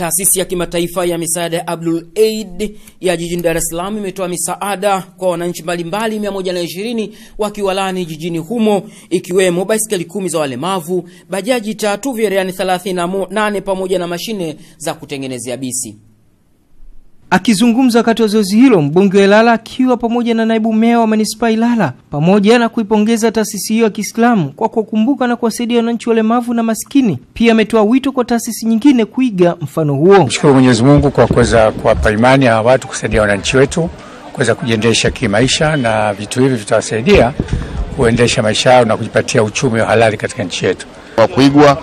Taasisi ya kimataifa ya misaada ya Abdul Aid ya jijini Dar es Salaam imetoa misaada kwa wananchi mbalimbali 120 wakiwalani jijini humo ikiwemo baiskeli kumi za walemavu, bajaji tatu, cherehani 38 pamoja na mashine za kutengenezea bisi. Akizungumza wakati wa zoezi hilo, mbunge wa Ilala akiwa pamoja na naibu meya wa manispaa Ilala, pamoja na kuipongeza taasisi hiyo ya Kiislamu kwa kuwakumbuka na kuwasaidia wananchi walemavu na maskini, pia ametoa wito kwa taasisi nyingine kuiga mfano huo. Mshukuru Mwenyezi Mungu kwa kuweza kuwapa imani ya watu kusaidia wananchi wetu kuweza kujiendesha kimaisha, na vitu hivi vitawasaidia kuendesha maisha yao na kujipatia uchumi wa halali katika nchi yetu, kwa kuigwa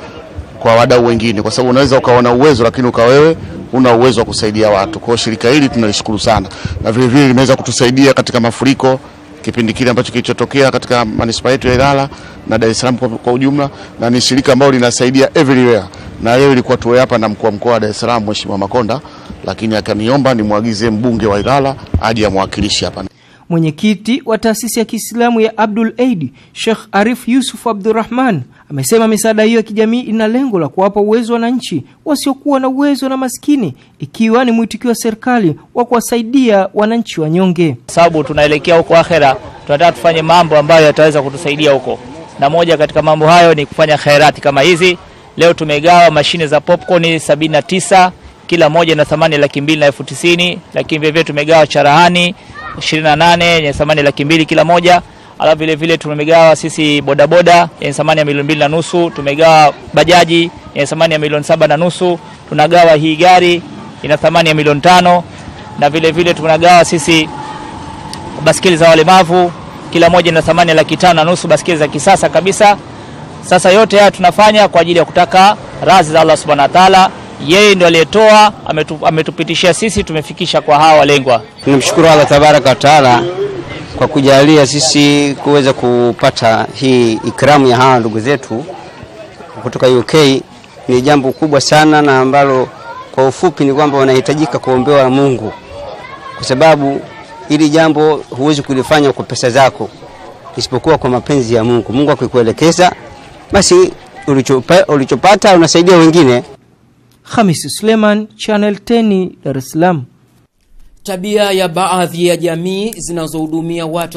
kwa wadau wengine, kwa sababu unaweza ukawa na uwezo lakini ukawewe una uwezo wa kusaidia watu. Kwa hiyo shirika hili tunalishukuru sana, na vile vile limeweza kutusaidia katika mafuriko kipindi kile ambacho kilichotokea katika manispaa yetu ya Ilala na Dar es Salaam kwa, kwa ujumla, na ni shirika ambalo linasaidia everywhere, na leo ilikuwa tuwe hapa na mkuu wa mkoa wa Dar es Salaam Mheshimiwa Makonda, lakini akaniomba nimwagize mbunge wa Ilala aje amwakilishe hapa. Mwenyekiti wa taasisi ya Kiislamu ya Abdul Aid Sheikh Arif Yusuf Abdurrahman amesema misaada hiyo ya kijamii ina lengo la kuwapa uwezo wananchi wasiokuwa na uwezo na maskini, ikiwa ni mwitikio wa serikali wa kuwasaidia wananchi wanyonge. Sababu tunaelekea huko akhera, tunataka tufanye mambo ambayo yataweza kutusaidia huko, na moja katika mambo hayo ni kufanya khairati kama hizi. Leo tumegawa mashine za popcorn 79 kila moja na thamani laki mbili na elfu tisini, lakini vilevile tumegawa charahani 28 yenye thamani ya laki mbili kila moja. Alafu vile vile tumegawa sisi bodaboda yenye thamani ya milioni mbili na nusu, tumegawa bajaji yenye thamani ya milioni saba na nusu, tunagawa hii gari ina thamani ya milioni tano, na vile vile tunagawa sisi baskeli za walemavu kila moja ina thamani ya laki tano na nusu, baskeli za kisasa kabisa. Sasa yote haya tunafanya kwa ajili ya kutaka radhi za Allah subhanahu wa ta'ala yeye ndio aliyetoa ametupitishia sisi, tumefikisha kwa hawa walengwa. Tunamshukuru Allah tabaraka wataala taala kwa kujalia sisi kuweza kupata hii ikramu ya hawa ndugu zetu kutoka UK. Ni jambo kubwa sana na ambalo kwa ufupi ni kwamba wanahitajika kuombewa na Mungu, kwa sababu hili jambo huwezi kulifanya kwa pesa zako, isipokuwa kwa mapenzi ya Mungu. Mungu akikuelekeza, basi ulichopata unasaidia wengine. Hamisi Suleman, Channel 10, Dar es Salaam. Tabia ya baadhi ya jamii zinazohudumia watu